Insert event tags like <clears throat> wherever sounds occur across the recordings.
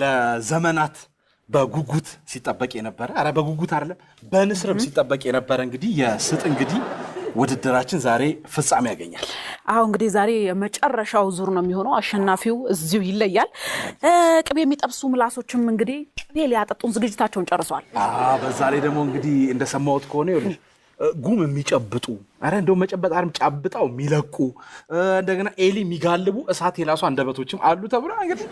ለዘመናት በጉጉት ሲጠበቅ የነበረ ኧረ በጉጉት አይደለም በንስርም ሲጠበቅ የነበረ እንግዲህ የስጥ እንግዲህ ውድድራችን ዛሬ ፍጻሜ ያገኛል። አሁ እንግዲህ ዛሬ የመጨረሻው ዙር ነው የሚሆነው። አሸናፊው እዚሁ ይለያል። ቅቤ የሚጠብሱ ምላሶችም እንግዲህ ቅቤ ሊያጠጡን ዝግጅታቸውን ጨርሰዋል። በዛ ላይ ደግሞ እንግዲህ እንደሰማሁት ከሆነ ይኸውልሽ ጉም የሚጨብጡ አረ እንደው መጨበጥ አርም ጨብጠው የሚለቁ እንደገና ኤሊ የሚጋልቡ እሳት የላሱ አንደበቶችም አሉ ተብሎ እንግዲህ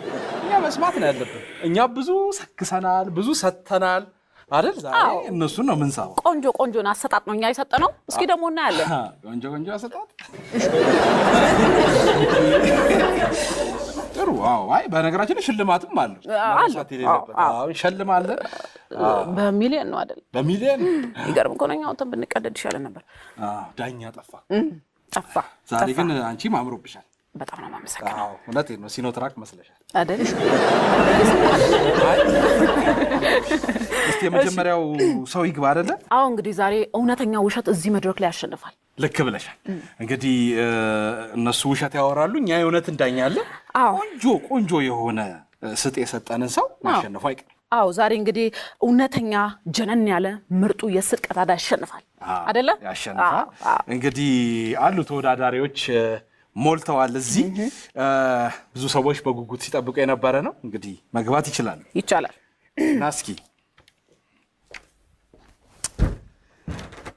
እኛ መስማት ነው ያለብን። እኛ ብዙ ሰክሰናል፣ ብዙ ሰተናል አይደል? ዛሬ እነሱን ነው ምንሳ ቆንጆ ቆንጆን አሰጣጥ ነው እኛ ነው። እስኪ ደግሞ እናያለን። <laughs> ቆንጆ ቆንጆ አሰጣጥ <laughs> ጥሩ። አዎ፣ አይ በነገራችን ሽልማትም አለ ሸልማለ በሚሊየን ነው አይደል? በሚሊየን ይገርም እኮ ነው። እኛ ወተን ብንቀደድ ይሻለ ነበር። ዳኛ ጠፋ ጠፋ። ዛሬ ግን አንቺ አምሮብሻል። በጣም ነው የማመሰግነው። እውነቴን ነው። ሲኖትራክ መስለሻል አይደል? እስኪ የመጀመሪያው ሰው ይግባ አይደለ? አዎ። እንግዲህ ዛሬ እውነተኛ ውሸት እዚህ መድረክ ላይ ያሸንፋል። ልክ ብለሻል። እንግዲህ እነሱ ውሸት ያወራሉ፣ እኛ የእውነት እንዳኛለን። ቆንጆ ቆንጆ የሆነ ስጥ የሰጠንን ሰው ማሸነፉ አይቀርም። አዎ ዛሬ እንግዲህ እውነተኛ ጀነን ያለ ምርጡ የስጥ ቀዳዳ ያሸንፋል፣ አይደለም ያሸንፋል። እንግዲህ አሉ ተወዳዳሪዎች ሞልተዋል። እዚህ ብዙ ሰዎች በጉጉት ሲጠብቁ የነበረ ነው። እንግዲህ መግባት ይችላል ይቻላል። እና እስኪ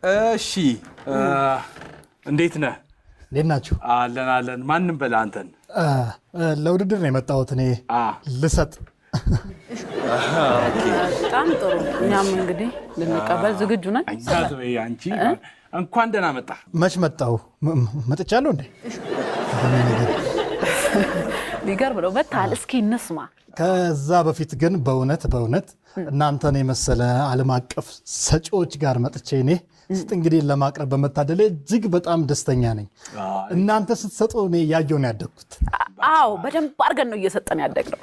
እሺ እንዴት ነህ? እንዴት ናችሁ? አለን አለን። ማንም በላ አንተን ለውድድር ነው የመጣሁት እኔ ልሰጥ። በጣም ጥሩ። እኛም እንግዲህ ልንቀበል ዝግጁ ነን። አንቺ እንኳን ደህና መጣ። መች መጣሁ? መጥቻለሁ እንዴ? ሊገርም ነው። መታል እስኪ እንስማ። ከዛ በፊት ግን በእውነት በእውነት እናንተን የመሰለ ዓለም አቀፍ ሰጪዎች ጋር መጥቼ እኔ ስጥ እንግዲህ ለማቅረብ በመታደል እጅግ በጣም ደስተኛ ነኝ። እናንተ ስትሰጡ እኔ ያየውን ያደግኩት። አዎ በደንብ አድርገን ነው እየሰጠን ነው።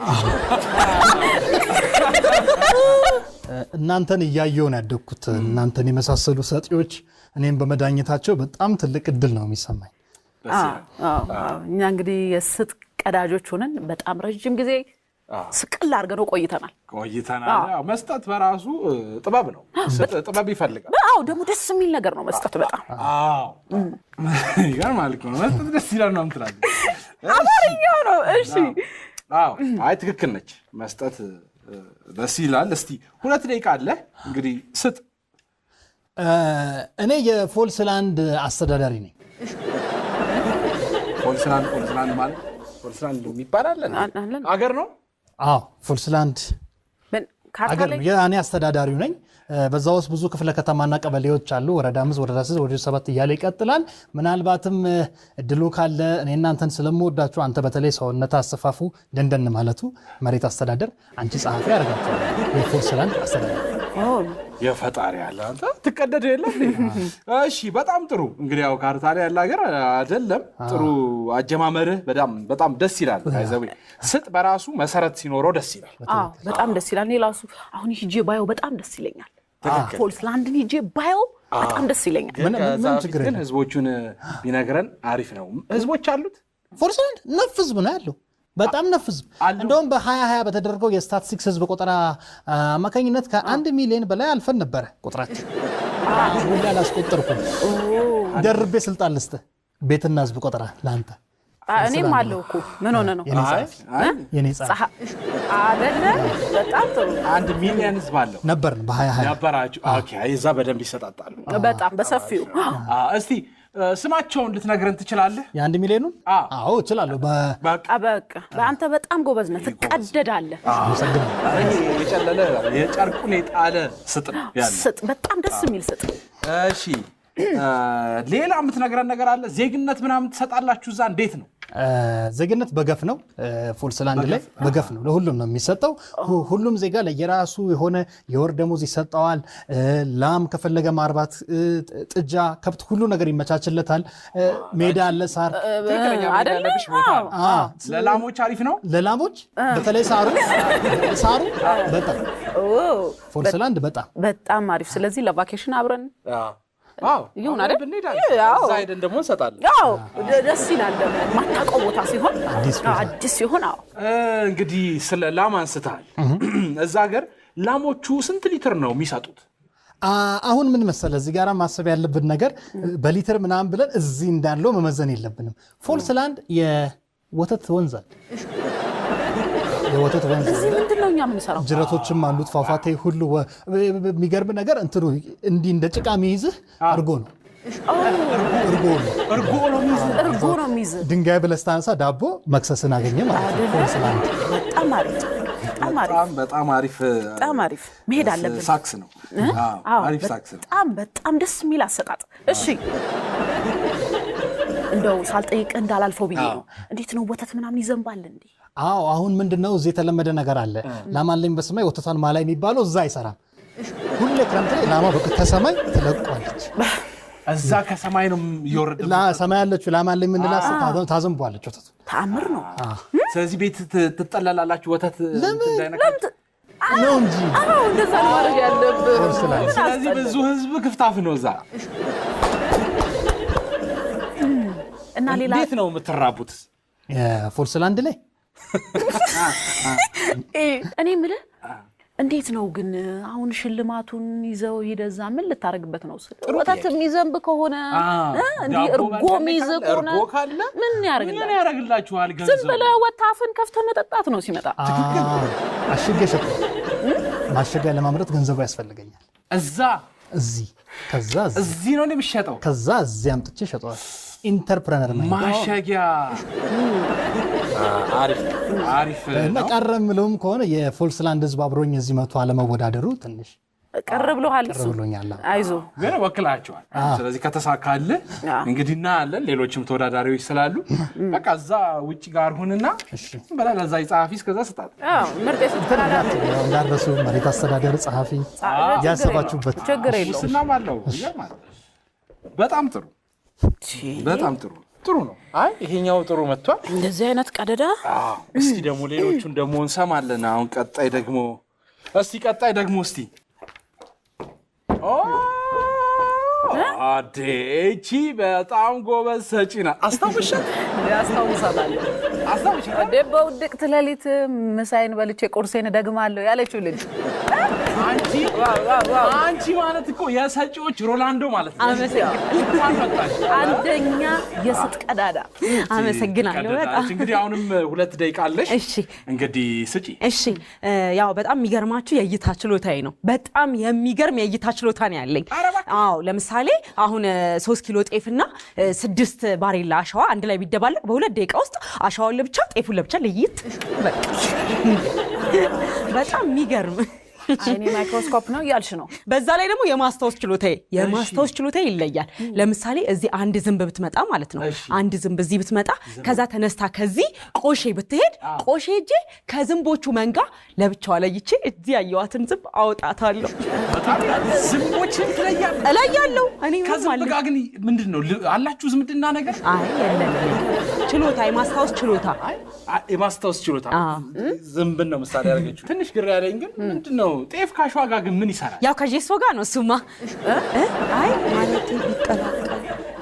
እናንተን እያየውን ያደግኩት እናንተን የመሳሰሉ ሰጪዎች እኔም በመዳኘታቸው በጣም ትልቅ እድል ነው የሚሰማኝ። እኛ እንግዲህ የስጥ ቀዳጆች ሆነን በጣም ረዥም ጊዜ ስቅል ነው ቆይተናል ቆይተናል። መስጠት በራሱ ጥበብ ነው፣ ጥበብ ይፈልጋል። አዎ ደግሞ ደስ የሚል ነገር ነው መስጠት። በጣም ይገርማል እኮ ነው መስጠት ደስ ይላል ነው ምትላለ አማርኛው ነው። እሺ አዎ አይ ትክክል ነች። መስጠት ደስ ይላል። እስቲ ሁለት ደቂቃ አለ እንግዲህ ስጥ። እኔ የፎልስላንድ አስተዳዳሪ ነኝ። ፎልስላንድ ፎልስላንድ ማለት ፎልስላንድ የሚባል አለ አገር ነው አዎ ፉልስላንድ አገር ነው። እኔ አስተዳዳሪው ነኝ። በዛ ውስጥ ብዙ ክፍለ ከተማና ቀበሌዎች አሉ። ወረዳ አምስት ወረዳ ስድስት ወረዳ ሰባት እያለ ይቀጥላል። ምናልባትም እድሉ ካለ እኔ እናንተን ስለምወዳችሁ አንተ በተለይ ሰውነት አሰፋፉ ደንደን ማለቱ መሬት አስተዳደር አንቺ ጸሐፊ ያደርጋቸዋል የፉልስላንድ አስተዳደር የፈጣሪ ያለ አንተ ትቀደደ የለም። እሺ፣ በጣም ጥሩ እንግዲህ ያው ካርታሪ ያለ ሀገር አይደለም። ጥሩ አጀማመርህ በጣም ደስ ይላል። ይዘ ስጥ በራሱ መሰረት ሲኖረው ደስ ይላል። በጣም ደስ ይላል። እኔ ራሱ አሁን ሂጄ ባየው በጣም ደስ ይለኛል። ፖልስላንድን ሂጄ ባየው በጣም ደስ ይለኛል። ግን ህዝቦቹን ቢነግረን አሪፍ ነው። ህዝቦች አሉት ፖልስላንድ ነፍ ህዝብ ነው ያለው በጣም ነፍ ህዝብ እንደውም በ2020 በተደረገው የስታትስቲክስ ህዝብ ቆጠራ አማካኝነት ከአንድ ሚሊዮን በላይ አልፈን ነበረ። ቁጥራችን ሁላ አላስቆጠርኩም። ደርቤ ስልጣን ልስጥ ቤትና ህዝብ ቆጠራ ለአንተ እኔም አለው እኮ ምን ሆነ ነው የኔ ጸሐፊ አይደለ? በጣም ጥሩ አንድ ሚሊዮን ህዝብ አለው ነበር በ2020 ነበራችሁ። እዛ በደንብ ይሰጣጣሉ። በጣም በሰፊው እስቲ ስማቸውን ልትነግረን ትችላለህ? የአንድ ሚሊዮኑ? አዎ እችላለሁ። በአንተ በጣም ጎበዝ ነህ፣ ትቀደዳለህ። የጨለለ የጨርቁን የጣለ ስጥ ስጥ፣ በጣም ደስ የሚል ስጥ። እሺ ሌላ የምትነግረን ነገር አለ? ዜግነት ምናምን ትሰጣላችሁ እዛ? እንዴት ነው? ዜግነት በገፍ ነው። ፉልስላንድ ላይ በገፍ ነው፣ ለሁሉም ነው የሚሰጠው። ሁሉም ዜጋ ለየራሱ የሆነ የወር ደሞዝ ይሰጠዋል። ላም ከፈለገ ማርባት፣ ጥጃ፣ ከብት፣ ሁሉ ነገር ይመቻችለታል። ሜዳ አለ፣ ሳር ለላሞች አሪፍ ነው። ለላሞች በተለይ ሳሩ ሳሩ በጣም ፉልስላንድ በጣም በጣም አሪፍ። ስለዚህ ለቫኬሽን አብረን ይሁን አይደል? ሄደን ደግሞ እንሰጣለን። ደስ ይላል። ቦታ ሲሆን አዲስ ሲሆን እንግዲህ ስለ ላም እዛ ሀገር ላሞቹ ስንት ሊትር ነው የሚሰጡት? አሁን ምን መሰለ እዚህ ጋር ማሰብ ያለብን ነገር በሊትር ምናምን ብለን እዚህ እንዳለው መመዘን የለብንም። ፎልስላንድ የወተት ወንዝ የወተት ወንዝ ነው እኛ የምንሰራው። ጅረቶችም አሉት ፏፏቴ ሁሉ የሚገርም ነገር እንትኑ እንዲህ እንደ ጭቃ የሚይዝህ አድርጎ ነው እርጎ ነው የሚይዝህ። ድንጋይ ብለህ ስታነሳ ዳቦ መክሰስን አገኘ ማለት ነው። በጣም አሪፍ በጣም አሪፍ በጣም አሪፍ መሄድ አለብን። ሳክስ ነው አሪፍ ሳክስ ነው። በጣም በጣም ደስ የሚል አሰጣጥ። እሺ እንደው ሳልጠይቅህ እንዳላልፈው ብዬ ነው። እንዴት ነው ወተት ምናምን ይዘንባል እንዴ? አዎ አሁን ምንድነው እዚህ የተለመደ ነገር አለ። ላም አለኝ በሰማይ ወተቷን ማላ የሚባለው እዛ አይሰራም። ሁሌ ክረምት ላይ ላማ በቅ ተሰማይ ትለቋለች። እዛ ከሰማይ ነው እየወረደ ሰማይ ያለችው ላማ አለኝ ምንድና ታዘንቧለች ወተቱ። ተአምር ነው። ስለዚህ ቤት ትጠላላላችሁ ወተት ነው እንጂ ስለዚህ ብዙ ህዝብ ክፍታፍ ነው እዛ እና ሌላ ቤት ነው የምትራቡት ፎርስላንድ ላይ እኔ የምልህ እንዴት ነው ግን አሁን ሽልማቱን ይዘው ሂደህ ምን ልታደርግበት ነው? ወተት የሚዘንብ ከሆነ እርጎ የሚይዝ ከሆነ ምን ያደርግላችኋል? ዝም ብለህ ወተት ከፍተህ መጠጣት ነው ሲመጣ። አሽጌ ሸጥ ማሸጊያ ለማምረት ገንዘቡ ያስፈልገኛል። እዛ እዚህ ከዛ እዚህ ነው የሚሸጠው። ከዛ እዚህ አምጥቼ ሸጠዋል። ኢንተርፕረነር ነው። ማሸጊያ አሪፍ እና ቀረ የምለውም ከሆነ የፎልስላንድ ህዝብ አብሮኝ እዚህ መቶ አለመወዳደሩ ትንሽ ቀር ብሎሃል። ቀር ብሎኛል፣ አይዞህ ግን ወክላቸዋል። ስለዚህ ከተሳካልህ እንግዲህ እናያለን። ሌሎችም ተወዳዳሪዎች ስላሉ በቃ እዛ ውጭ ጋር ሁንና በላ ለዛ ጸሐፊ እስከዛ ስጣት እንዳደረሱ መሬት አስተዳደር ጸሐፊ ያሰባችሁበት ችግር የለውም። ስናም አለው በጣም ጥሩ በጣም ጥሩ ጥሩ ነው። አይ ይሄኛው ጥሩ መጥቷል። እንደዚህ አይነት ቀደዳ። እስኪ ደግሞ ሌሎቹን ደግሞ እንሰማለን። አሁን ቀጣይ ደግሞ እስቲ ቀጣይ ደግሞ እስቲ አዴቺ በጣም ጎበዝ ሰጪ ናት። አስታውሻት ያስታውሳታል። አስታውሻት በውድቅት ሌሊት ምሳይን በልቼ ቁርሴን ደግማለሁ ያለችው ልጅ አንቺ ማለት እኮ የሰጪዎች ሮላንዶ ማለት ነው። አንደኛ የስጥ ቀዳዳ። አመሰግናለሁ በጣም እንግዲህ አሁንም ሁለት ደቂቃ አለሽ። እሺ እንግዲህ ስጪ። እሺ ያው በጣም የሚገርማችሁ የእይታ ችሎታዬ ነው። በጣም የሚገርም የእይታ ችሎታ ነው ያለኝ። አዎ ለምሳሌ አሁን ሶስት ኪሎ ጤፍና ስድስት ባሬላ አሸዋ አንድ ላይ ቢደባለቅ በሁለት ደቂቃ ውስጥ አሸዋውን ለብቻ ጤፉን ለብቻ ለይት በጣም የሚገርም አይኔ ማይክሮስኮፕ ነው እያልሽ ነው። በዛ ላይ ደግሞ የማስታወስ ችሎታ የማስታወስ ችሎታ ይለያል። ለምሳሌ እዚህ አንድ ዝንብ ብትመጣ ማለት ነው አንድ ዝንብ እዚህ ብትመጣ ከዛ ተነስታ ከዚህ ቆሼ ብትሄድ ቆሼ እጄ ከዝንቦቹ መንጋ ለብቻዋ ለይቼ እዚህ ያየዋትን ዝንብ አወጣታለሁ። ዝንቦችን እለያለሁ። እኔ ከዝንብ ጋር ግን ምንድን ነው አላችሁ ዝምድና ነገር? አይ ችሎታ የማስታወስ ችሎታ የማስታወስ ችሎታ ዝንብን ነው ምሳሌ ያደረገችው። ትንሽ ግራ ያለኝ ግን ምንድን ነው ጤፍ ከአሸዋ ጋር ግን ምን ይሰራል? ያው ከጄሶ ጋር ነው እሱማ። አይ ማለት ይቀላቀል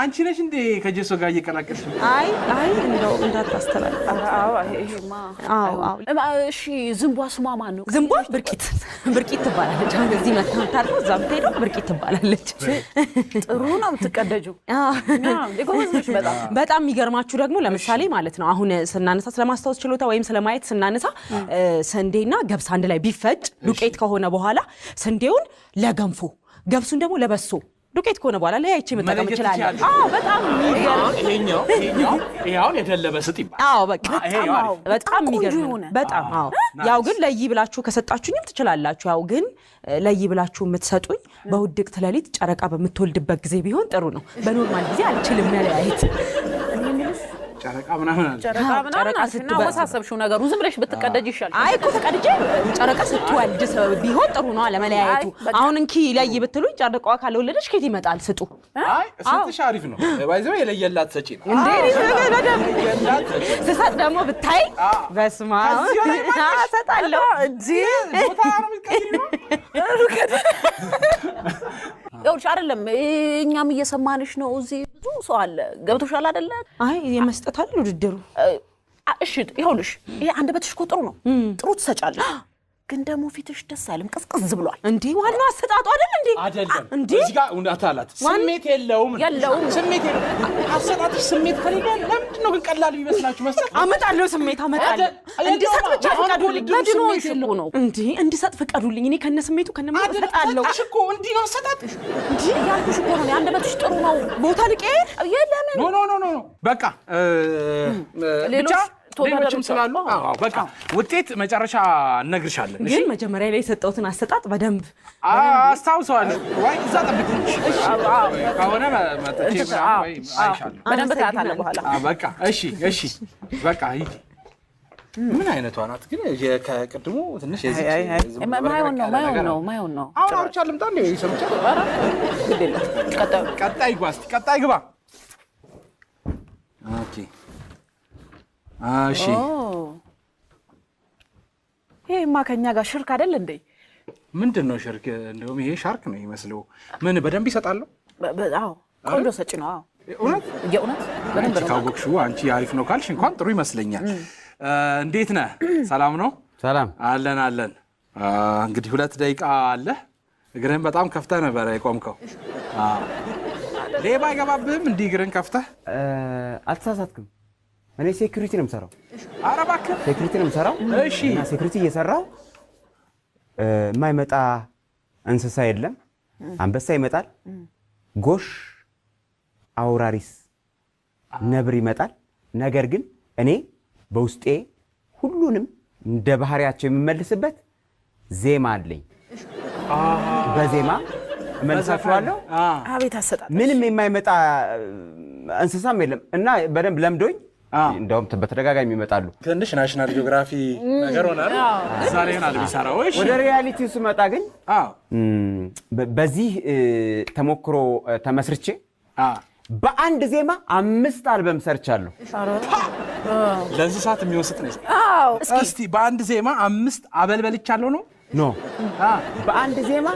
አንቺ ነሽ እንዴ ከጀሶ ጋር እየቀላቀልሽ? አይ አይ እንደው እንዳታስተላል። አዎ እሺ ዝንቧ ስሟ ማን ነው? ዝንቧ ብርቂት ብርቂት ትባላለች። አሁን እዚህ መታ ታድራ እዛ ምትሄደው ብርቂት ትባላለች። ጥሩ ነው የምትቀደጂው። በጣም የሚገርማችሁ ደግሞ ለምሳሌ ማለት ነው አሁን ስናነሳ ስለማስታወስ ችሎታ ወይም ስለማየት ስናነሳ ስንዴና ገብስ አንድ ላይ ቢፈጭ ዱቄት ከሆነ በኋላ ስንዴውን ለገንፎ ገብሱን ደግሞ ለበሶ ዱቄት ከሆነ በኋላ ላይ አይቼ መጠቀም እችላለሁ። አዎ በጣም የሚገርም ይሄኛው የደለበ ስጥ ይባላል። አዎ በቃ በጣም የሚገርም በጣም አዎ። ያው ግን ለይ ብላችሁ ከሰጣችሁኝም ትችላላችሁ። ያው ግን ለይ ብላችሁ የምትሰጡኝ በውድቅት ሌሊት ጨረቃ በምትወልድበት ጊዜ ቢሆን ጥሩ ነው። በኖርማል ጊዜ አልችልም ለለያየት ጨረቃ ምናምን አለ። ጨረቃ አወሳሰብሽው ነገሩ። ዝም ብለሽ ብትቀደጅ ይሻል። አይ እኮ ተቀድጄ ጨረቃ ስትወልድ ቢሆን ጥሩ ነው ለመለያየቱ። አሁን እንኪ ለይ ብትሉኝ ጨረቃዋ ካልወለደች ከየት ይመጣል? ስጡ። አይ ስትሽ አሪፍ ነው። ባይዘው የለየላት ሰጪ ነው እንዴ? ስሰጥ ደግሞ ብታይ በስማ ሰጣለሁ እንጂ ይኸውልሽ አይደለም እኛም እየሰማንሽ ነው። እዚህ ብዙ ሰው አለ። ገብቶሻል አይደለ? አይ የመስጠት አይደል ውድድሩ። እሺ ይኸውልሽ ይሄ አንደበትሽ እኮ ጥሩ ነው። ጥሩ ትሰጫለሽ ግን ደግሞ ፊትሽ ደስ አለም ቅዝቅዝ ብሏል። እንዴ ዋናው አሰጣጡ አይደል እንዴ? አይደለም እንዴ? እዚህ ጋር እውነት አላት። ስሜት የለውም የለውም ስሜት የለውም። አሰጣጥሽ ስሜት ከሌለ ለምንድን ነው ግን ቀላል ቢመስላችሁ መሰል? አመጣለሁ ስሜት አመጣለሁ። እንዲሰጥ ብቻ ፍቀዱልኝ። መድኖ ይሽቁ ነው እንዴ? እንዲሰጥ ፍቀዱልኝ። እኔ ከነ ስሜቱ ከነ ምን እሰጣለሁ እኮ እንዲህ ነው አሰጣጥሽ። እንዴ ያልኩሽ እኮ ነው። አንደበትሽ ጥሩ ነው። ቦታ ልቀይር የለም ኖ ኖ ኖ ኖ በቃ ብቻ ሌሎችም ስላሉ በቃ ውጤት መጨረሻ እነግርሻለን። ግን መጀመሪያ ላይ የሰጠሁትን አሰጣጥ በደንብ አስታውሰዋለሁ። ወይ እዛ ጠብቂኝ ከሆነ በደንብ ታያታለህ በኋላ። በቃ እሺ፣ እሺ፣ በቃ ሂጂ። ምን አይነቷ ናት ግን? ከቅድሙ ትንሽ ማይሆን ነው ማይሆን ነው ማይሆን ነው። አሁን አውርቻ ልምጣ እንደ ይሰምቻ። ቀጣይ ግባ ቀጣይ ግባ። ኦኬ እሺ። ይሄማ ከኛ ጋር ሽርክ አይደል እንዴ? ምንድን ነው ሽርክ? እንደውም ይሄ ሻርክ ነው ይመስለው። ምን በደንብ ይሰጣለሁ። አዎ ቆንጆ ሰጪ ነው። አዎ እውነት በደንብ ካወቅሽው አንቺ አሪፍ ነው ካልሽ እንኳን ጥሩ ይመስለኛል። እንዴት ነህ? ሰላም ነው? ሰላም አለን አለን። እንግዲህ ሁለት ደቂቃ አለ። እግርህን በጣም ከፍተህ ነበረ የቆምከው። ሌባ አይገባብህም? እንዲህ እግርህን ከፍተህ አልተሳሳትክም? እኔ ሴኩሪቲ ነው የምሰራው። ኧረ እባክህ ሴኩሪቲ ነው የምሰራው። እሺ። እና ሴኩሪቲ እየሰራው የማይመጣ እንስሳ የለም። አንበሳ ይመጣል፣ ጎሽ፣ አውራሪስ፣ ነብር ይመጣል። ነገር ግን እኔ በውስጤ ሁሉንም እንደ ባህሪያቸው የምመልስበት ዜማ አለኝ። በዜማ እመልሳችኋለሁ። አቤት አሰጣጥ! ምንም የማይመጣ እንስሳም የለም እና በደንብ ለምዶኝ እንደውም በተደጋጋሚ ይመጣሉ። ትንሽ ናሽናል ጂኦግራፊ ነገር ሆናል። ወደ ሪያሊቲው ስመጣ ግን በዚህ ተሞክሮ ተመስርቼ በአንድ ዜማ አምስት አልበም ሰርቻለሁ። ለእንስሳት የሚወስድ ነው። እስኪ በአንድ ዜማ አምስት አበልበልቻለሁ ነው ኖ በአንድ ዜማ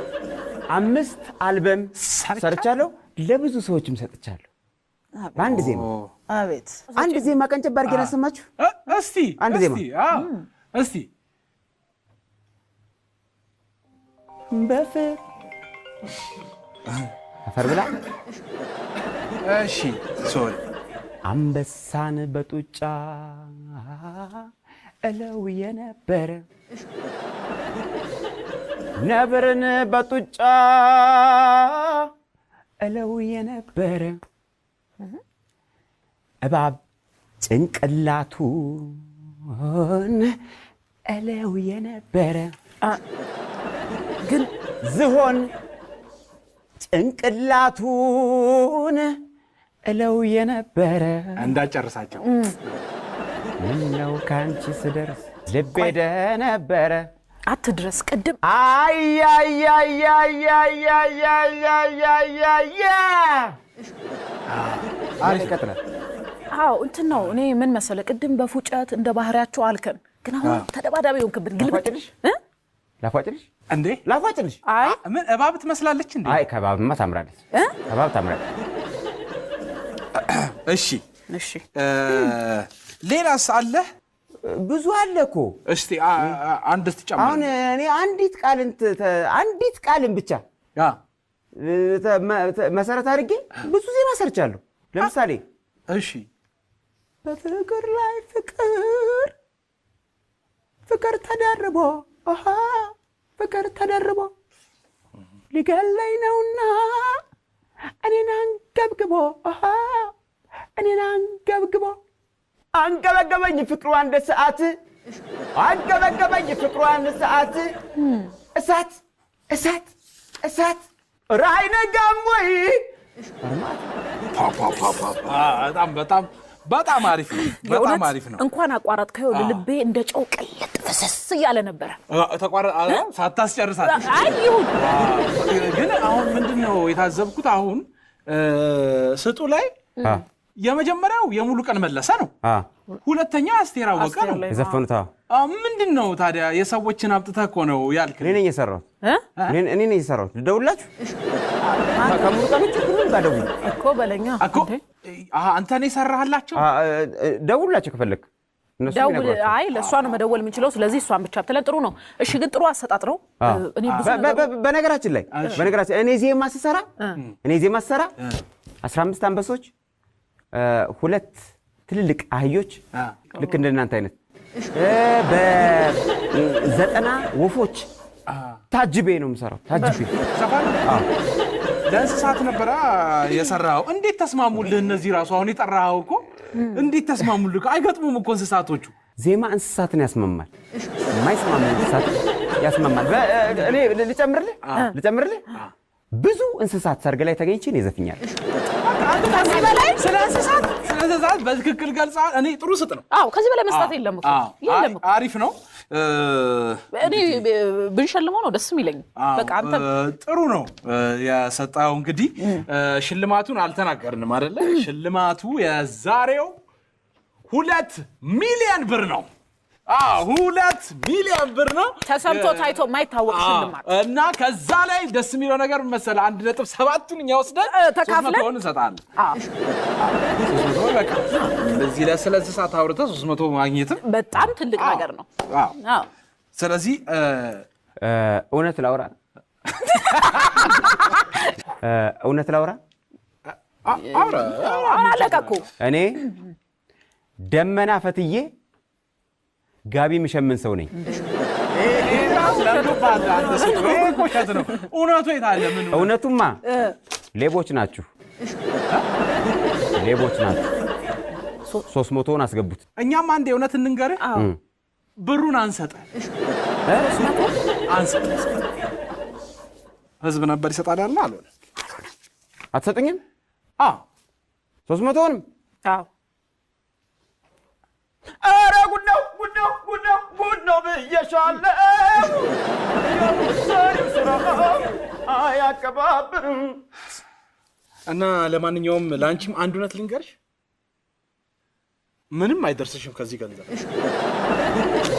አምስት አልበም ሰርቻለሁ። ለብዙ ሰዎችም ሰጥቻለሁ በአንድ ዜማ አቤት አንድ ዜማ ቀንጨብ አድርጌ ሰማችሁ እስቲ አንድ ዜማ እስቲ በፍር አፈር ብላ እሺ፣ ሶሪ አንበሳን በጡጫ እለው የነበረ ነብርን በጡጫ እለው የነበረ እባብ ጭንቅላቱን እለው የነበረ ግን ዝሆን ጭንቅላቱን እለው የነበረ እንዳጨርሳቸው ምነው ከአንቺ ስደርስ ልቤ ደነበረ አትድረስ ቅድም አያያያያያያያያያ አዎ እንትን ነው። እኔ ምን መሰለ ቅድም በፉጨት እንደ ባህሪያቸው አልከን፣ ግን አሁን ተደባዳቢ ሆንክብን። ግልብጭልሽ ላፏጭልሽ እንዴ ላፏጭልሽ። አይ ምን እባብ ትመስላለች እንዴ? አይ ከባብማ ታምራለች፣ ከባብ ታምራለች። <clears throat> እሺ እሺ፣ ሌላስ አለህ? ብዙ አለ እኮ። እስቲ አንድ ትጨምር። አሁን እኔ አንዲት ቃልን አንዲት ቃልን ብቻ መሰረት አድርጌ ብዙ ዜማ ሰርቻለሁ። ለምሳሌ እሺ በፍቅር ላይ ፍቅር ፍቅር ተደርቦ ፍቅር ተደርቦ ሊገለኝ ነውና እኔን አንገብግቦ እኔን አንገብግቦ አንገበገበኝ ፍቅሩ አንድ ሰዓት አንገበገበኝ ፍቅሩ አንድ ሰዓት እሳት እሳት እሳት ራእይ ነጋም ወይ በጣም በጣም በጣም አሪፍ ነው። በጣም አሪፍ ነው። እንኳን አቋረጥ ከው ልቤ እንደ ጨው ቀለጥ ፈሰስ እያለ ነበረ። ተቋረጥ ሳታስጨርሳት አይሁን። ግን አሁን ምንድን ነው የታዘብኩት? አሁን ስጡ ላይ የመጀመሪያው የሙሉ ቀን መለሰ ነው። ሁለተኛ አስቴር አወቀ ነው የዘፈኑት ምንድን ነው ታዲያ? የሰዎችን አምጥተህ እኮ ነው ያልክ። እኔ ነኝ የሰራሁት፣ እኔ ነኝ የሰራሁት። ልደውልላችሁ ከሙሉ ቀኖች አንተ ነው የሰራህላቸው። ደውልላቸው ከፈለክ አይ ለእሷ ነው መደወል የምንችለው፣ ስለዚህ እሷን ብቻ ብትለ ጥሩ ነው። እሺ፣ ግን ጥሩ አሰጣጥ ነው። በነገራችን ላይ በነገራችን እኔ ዜማ ስሰራ እኔ ዜማ ስሰራ አስራ አምስት አንበሶች፣ ሁለት ትልልቅ አህዮች ልክ እንደናንተ አይነት በዘጠና ወፎች ታጅቤ ነው የምሰራው። ታጅቤ ለእንስሳት ነበረ የሰራው። እንዴት ተስማሙልህ? እነዚህ ራሱ አሁን የጠራኸው እኮ እንዴት ተስማሙልህ? አይገጥሙም እኮ እንስሳቶቹ። ዜማ እንስሳትን ያስመማል፣ የማይስማሙ እንስሳት ያስመማል። እኔ ልጨምርልህ ልጨምርልህ ብዙ እንስሳት ሰርግ ላይ ተገኝቼ ነው የዘፍኛል። ስለ እንስሳት በዛ ሰዓት በትክክል ገልጻ እኔ ጥሩ ስጥ ነው። አዎ ከዚህ በላይ መስጠት የለም የለም። አሪፍ ነው። እኔ ብንሸልመው ነው ደስ የሚለኝ። በቃ አንተ ጥሩ ነው የሰጠኸው። እንግዲህ ሽልማቱን አልተናገርንም አይደለ? ሽልማቱ የዛሬው ሁለት ሚሊዮን ብር ነው። ሁለት ሚሊዮን ብር ነው ተሰምቶ ታይቶ ማይታወቅ ሽልማት እና ከዛ ላይ ደስ የሚለው ነገር መሰለ አንድ ነጥብ ሰባቱን እኛ ወስደን ተካፍለን እንሰጣለን። ስለዚህ ስለ እንስሳት አውርተህ ሶስት መቶ ማግኘትም በጣም ትልቅ ነገር ነው። ስለዚህ እውነት ላውራ እውነት ላውራ አውራ አለቀኩ እኔ ደመና ፈትዬ ጋቢ ምሸምን ሰው ነኝ። እውነቱማ ሌቦች ናችሁ፣ ሌቦች ናችሁ። ሶስት መቶውን አስገቡት። እኛም አንድ የእውነት እንንገር፣ ብሩን አንሰጠ ህዝብ ነበር ይሰጣል ያለ አልሆነ። አትሰጥኝም? ሶስት መቶውንም ጉድ ነው ብዬሻለው። የውሳኔው ስራ አያቀባብርም እና ለማንኛውም ለአንቺም አንድ እውነት ልንገርሽ፣ ምንም አይደርስሽም ከዚህ ገንዘብ